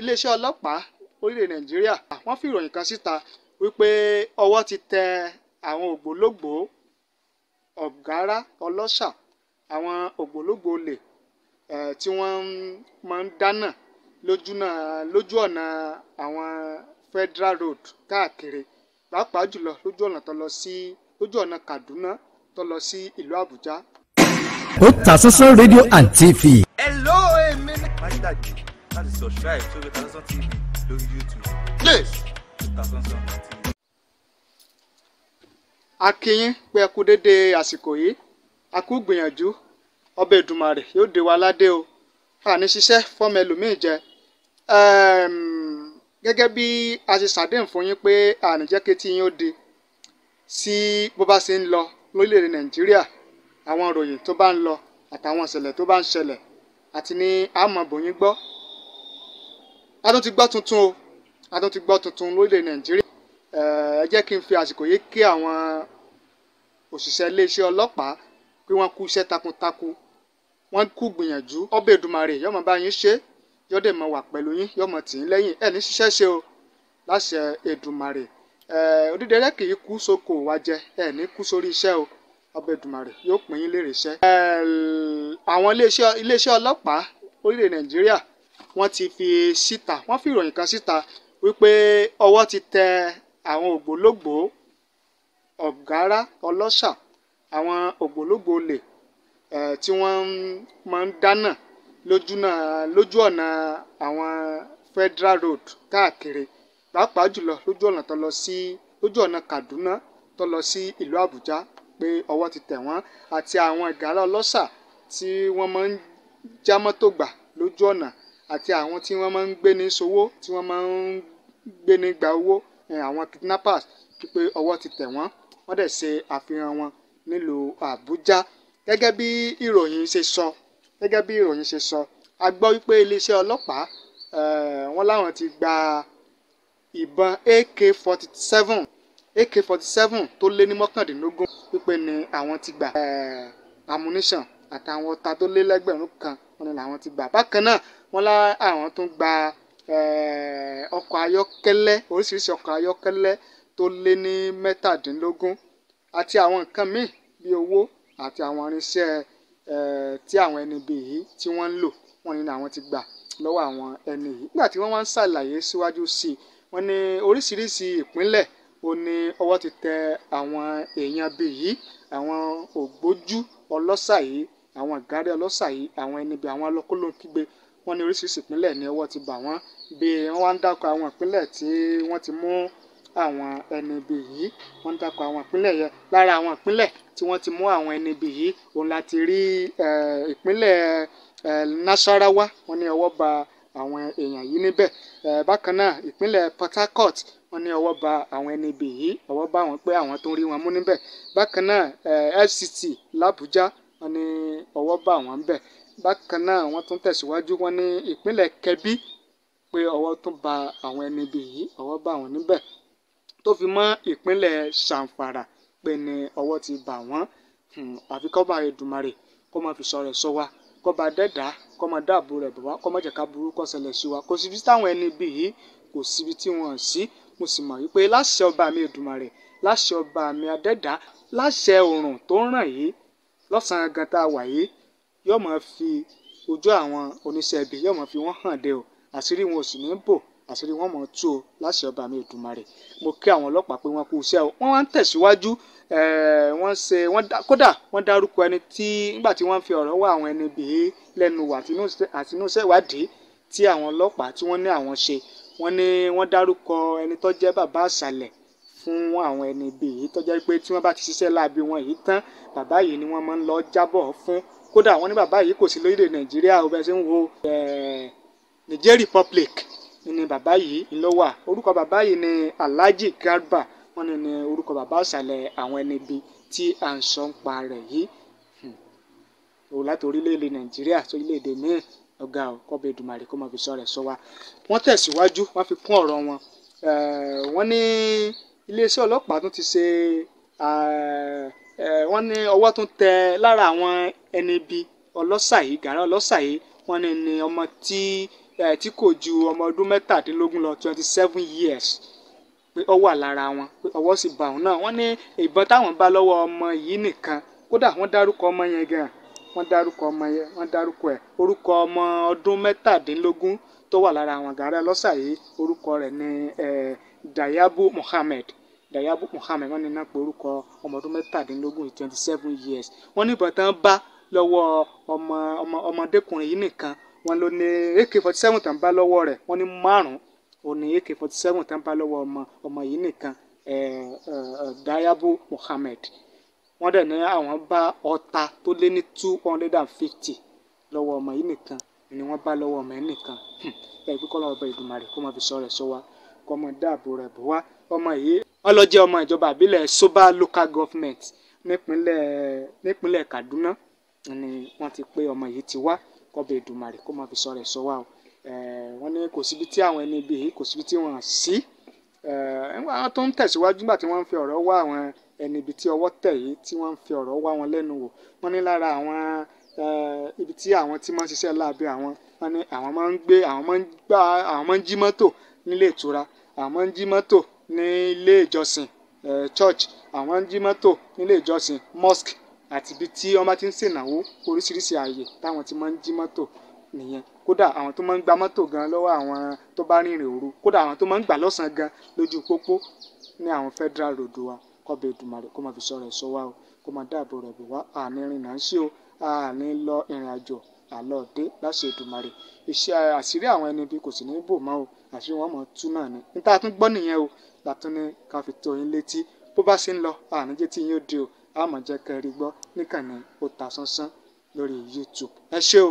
iléeṣẹ́ ọlọ́pàá orílẹ̀ nàìjíríà wọ́n fi ìròyìn kan síta wípé ọwọ́ ti tẹ àwọn ògbólógbòó ọ̀gárá ọlọ́ṣà àwọn ògbólógbòó olè tí wọ́n máa ń dáná lójú ọ̀nà àwọn federal road káàkiri pàápàá jùlọ lójú ọ̀nà tó lọ sí lójú ọ̀nà kaduna tó lọ sí ìlú àbújá. ó ta sánsán rédíò and tv láti subscribe sí Ògo Ìtàsánsán TV lórí YouTube. please. Ìtàsánsán TV. a kí yín pé ẹ kú dédé àsìkò yìí a kú gbìyànjú ọbẹ̀ Èdùmàrè yóò dé wa ládé o àní ṣiṣẹ́ fọ́ọ̀mù ẹlòmíì jẹ gẹ́gẹ́ bí a ṣe ṣàdéhùn fún yín pé àní jẹ́ kétí yín ó di sí bó bá ṣe ń lọ lórílẹ̀‐èdè Nàìjíríà àwọn ìròyìn tó bá ń lọ àtàwọn ìṣẹ̀lẹ̀ tó bá ń ṣẹlẹ̀ àti ní àmọ́ bòyín gbọ́ a tún ti gbọ́ tuntun o a tún ti gbọ́ tuntun lórílẹ̀ nàìjíríà ẹ jẹ́ kí n fi àsìkò yìí kí àwọn òṣìṣẹ́ iléeṣẹ́ ọlọ́pàá pé wọ́n kú iṣẹ́ takuntakun wọ́n kú gbìyànjú ọbẹ̀ Èdùmàrè yó máa bá yín ṣe yó dẹ̀ máa wà pẹ̀lú yín yó máa tì í lẹ́yìn ẹ̀ ní ṣiṣẹ́ ṣe o láṣẹ Èdùmàrè Odídẹrẹ́ kì í kú sóko wa jẹ ẹ̀ ní kú sórí iṣẹ́ o ọbẹ̀ Èdùmàrè yóò pín yín lérè iṣẹ́. àwọn iléeṣẹ́ ọlọ́pàá orílẹ̀ Nàìjíríà wọ́n ti fi síta wọ́n fi ìròyìn kan síta wípé ọwọ́ ti tẹ àwọn ògbólógbòó ọ̀gárá ọlọ́ṣà àwọn ògbólógbòó olè tí wọ́n máa ń dáná lójú ọ̀nà àwọn federal road káàkiri pàápàá jùlọ lójú ọ̀nà tó lọ sí lójú ọ̀nà Kaduna tó lọ sí ìlú Àbújá pé ọwọ́ ti tẹ̀ wọ́n àti àwọn ìgárá ọlọ́ṣà tí wọ́n máa ń já mọ́tò gbà lójú ọ̀nà àti àwọn tí wọ́n máa ń gbéni ṣòwò tí wọ́n máa ń gbéni gba owó eh, àwọn kidnappers wípé ọwọ́ ti tẹ̀ wọ́n wọ́n dẹ̀ ṣe àfihàn wọn nílùú Àbújá gẹ́gẹ́ bí ìròyìn ṣe sọ gẹ́gẹ́ bí ìròyìn ṣe sọ a gbọ́ wípé iléeṣẹ́ ọlọ́pàá eh, wọ́n láwọn ti gba ìbọn AK-47 AK-47 tó lé ní mọ́kàndínlógún wípé ni àwọn ti gbà eh, ammunition àtàwọn ọta tó lé lẹ́gbẹ̀rún kan wọn làwọn ti gbà bákan náà wọn lá àwọn tó ń gba ọkọ̀ ayọ́kẹ́lẹ́ oríṣiríṣi ọkọ̀ ayọ́kẹ́lẹ́ tó lé ní mẹ́tàdínlógún àti àwọn nǹkan míì bíi owó àti àwọn irinṣẹ́ tí àwọn ẹni bíi yìí tí wọ́n ń lò wọ́n ní àwọn ti gbà lọ́wọ́ àwọn ẹni yìí nígbà tí wọ́n wá ń ṣàlàyé síwájú sí i wọ́n ní oríṣiríṣi ìpínlẹ̀ ó ní ọwọ́ ti tẹ àwọn èèyàn bíi yìí àwọn ògbójú ọlọ́ṣà yìí àwọn ìgárí ọlọ́ṣà yìí àwọn ẹni bí àwọn alọ́kóló ń kígbe wọ́n ní oríṣiríṣi ìpínlẹ̀ ni ọwọ́ ti bà wọ́n bí wọ́n wá ń dákọ̀ àwọn ìpínlẹ̀ tí wọ́n ti mú àwọn ẹni bí yìí wọ́n ń dákọ̀ àwọn ìpínlẹ̀ yẹn lára àwọn ìpínlẹ̀ tí wọ́n ti mú àwọn ẹni bí yìí òun la ti rí ìpínlẹ̀ Nasarawa wọ́n ní ọwọ́ bà àwọn èèyàn yìí níbẹ̀ bákan náà ìpínlẹ̀ Port Harcourt wọ́n ní ọwọ́ bà àwọn ẹni bí yìí ọwọ́ bà wọ́n pé àwọn tó ń rí wọn mú níbẹ̀ bákan náà FCT l'Abuja ọwọ́ bá àwọn bẹ̀ bákan náà wọ́n tún tẹ̀síwájú wọn ní ìpínlẹ̀ kẹbí pé ọwọ́ tún ba àwọn ẹni ibi yìí ọwọ́ bá àwọn níbẹ̀ tó fi mọ́ ìpínlẹ̀ sàǹfàrà pé ní ọwọ́ ti bà wọ́n hmm, àfi kọ́ bá Èdùmàrè kó máa fi sọ rẹ̀ sọ wa kó bá dẹ́dàá kó máa dáàbò rẹ̀ bọ̀ wá kó má jẹ́ ká burú sí wa kò síbi táwọn ẹni ibi yìí kò síbi tí wọ́n sí mo sì mọ̀ wípé láṣẹ ọba mi Èdùmàrè láṣẹ ọba mi adẹ́dàá láṣẹ oòrùn tó ràn yìí lọ́sàn-án gan tá a wà yìí yóò máa fi ojú àwọn oníṣẹ́ ibi yóò máa fi wọ́n hàn dé o àṣírí wọn ò sì ní bò àṣírí wọn mọ̀ tú o láṣẹ ọba mi Èdùmàrè mo kí àwọn ọlọ́pàá pé wọ́n kú iṣẹ́ o wọ́n wá ń tẹ̀síwájú wọ́n ṣe wọ́n kódà wọ́n dárúkọ ẹni tí nígbà tí wọ́n fi ọ̀rọ̀ wá àwọn ẹni bèé lẹ́nu wò àtinúṣẹ́ ìwádìí tí àwọn ọlọ́pàá tí wọ́n ní àwọn ṣe wọ́n ní wọ́n dárúkọ ẹni tó jẹ́ bàbá àṣàlẹ̀ fún àwọn ẹni bèé tó jẹ́ pé tí wọ́n bá ti ṣiṣẹ́ láabi wọn yìí tán bàbá yìí ni wọ́n máa ń lọ jábọ̀ fún kódà wọ́n ní bàbá yìí kò sí lórílẹ̀ nàìjíríà ọbẹ̀ ṣe ń wo eh, niger republic ni bàbá yìí ló wà orúkọ bàbá yìí ni alhaji garba wọ́n ní ni orúkọ bàbá ọ̀sàlẹ̀ àwọn ẹni ibi tí à ń sọ ń pa rẹ̀ yìí hmm. o láti orílẹ̀-èdè nàìjíríà sí orílẹ̀-èdè míì ọ̀gá ò kọ́bẹ̀ èdùmàrè kó mọ̀ fi sọ rẹ̀ sọ wa wọ́n tẹ̀síwájú wọ́n fi kún ọ̀rọ̀ wọn eh, wọ́n ní iléeṣẹ́ ọlọ́pàá tún ti ṣe ah, eh, wọ́n ní ọwọ́ tún tẹ lára àwọn ẹni bí ọlọ́ṣàyé Gàní ọlọ́ṣàyé wọ́n ní ní ọmọ tí tí kò ju ọmọ ọdún mẹ́tàdínlógún lọ twenty seven years pé ó wà lára wọn pé ọwọ́ sì bá òun náà wọ́n ní ìbọn táwọn bá lọ́wọ́ ọmọ yìí nìkan kódà wọ́n dárúkọ ọmọ yẹn gan wọ́n dárúkọ ọmọ yẹn wọ́n dárúkọ ẹ̀ orúkọ ọmọ ọdún mẹ́tàdínlógún tó wà lára àwọn Gàní ọlọ́ṣàyé orúkọ rẹ̀ ní Dayabu Muhammed Dayabu Muhammed wọ́n ní náà pé orúkọ ọmọ ọdún mẹ́tàdínlógún twenty seven years wọ́n ní ìbọn tán bá lọ́wọ́ ọmọ ọmọ ọmọdékùnrin yìí nìkan wọ́n ló ní ak forty seven tán bá lọ́wọ́ rẹ̀ wọ́n ní márùn-ún òun ní ak forty seven tán bá lọ́wọ́ ọmọ ọmọ yìí nìkan Dayabu Muhammed wọ́n dẹ̀ ní àwọn bá ọta tó lé ní two hundred and fifty lọ́wọ́ ọmọ yìí nìkan ni wọ́n bá lọ́wọ́ ọmọ yìí nìkan bẹ́ẹ̀ hmm. pé kọ́lọ́ ọba Èdùmàrè kó má fi sọ rẹ̀ sọ wa kó má dáàbò rẹ̀ bò wá ọmọ yìí ọlọ́jẹ́ ọmọ ìjọba àbílẹ̀ Soba local government nípínlẹ̀ nípínlẹ̀ Kaduna ni wọ́n ti pé ọmọ yìí ti wá kọ́bẹ̀ Èdùmàrè kó máa fi sọ rẹ̀ sọ o eh, wọ́n ní kò síbi tí àwọn ẹni ibi yìí kò síbi tí wọ́n sí eh, àwọn tó ń tẹ̀síwájú nígbà tí wọ́n ń fi ọ̀rọ̀ wá àwọn ẹni ibi tí ọwọ́ tẹ̀ yìí tí wọ́n ń fi ọ̀rọ̀ wá wọn lẹ́nu wò wọ́n ní lára àwọn eh, ibi tí àwọn tí máa ń ṣiṣẹ́ àwọn wọ́n ní àwọn máa ń gbé àwọn máa ń gbá àwọn máa ń jí mọ́tò nílé ìtura àwọn máa ń jí mọ́tò ní ìjọsìn church àwọn máa ń jí mọ́tò nílé ìjọsìn mosque àti ibi tí wọ́n bá ti ń ṣènáwó oríṣiríṣi ààyè táwọn ti máa ń jí mọ́tò nìyẹn kódà àwọn tó máa ń gba mọ́tò gan lọ́wọ́ àwọn tó bá rìnrìn òru kódà àwọn tó máa ń gbà lọ́sàn gan lójú pópó ní àwọn federal road wa kọ́bẹ̀ Èdùmàrè kó máa fi sọ̀rọ̀ ẹ̀ṣọ́ wa o kó máa dáàbò rẹ̀ bò wá àní rìnnà ń ṣe o àní lọ ìrìn àjò àlọ́ọ̀dé láṣẹ Èdùmàrè iṣẹ́ àṣírí àwọn ẹni bí kò sì ní bò mọ́ o àṣírí wọn mọ̀ tú náà ni níta tún gbọ́ nìyẹn o látún ní ká fi tó yín létí bó bá ṣe ń lọ àníjẹ́ tí yín ó di o a máa jẹ́ kẹ́ ẹ rí gbọ́ níkànnì ó ta sánsán lórí YouTube ẹ ṣé o.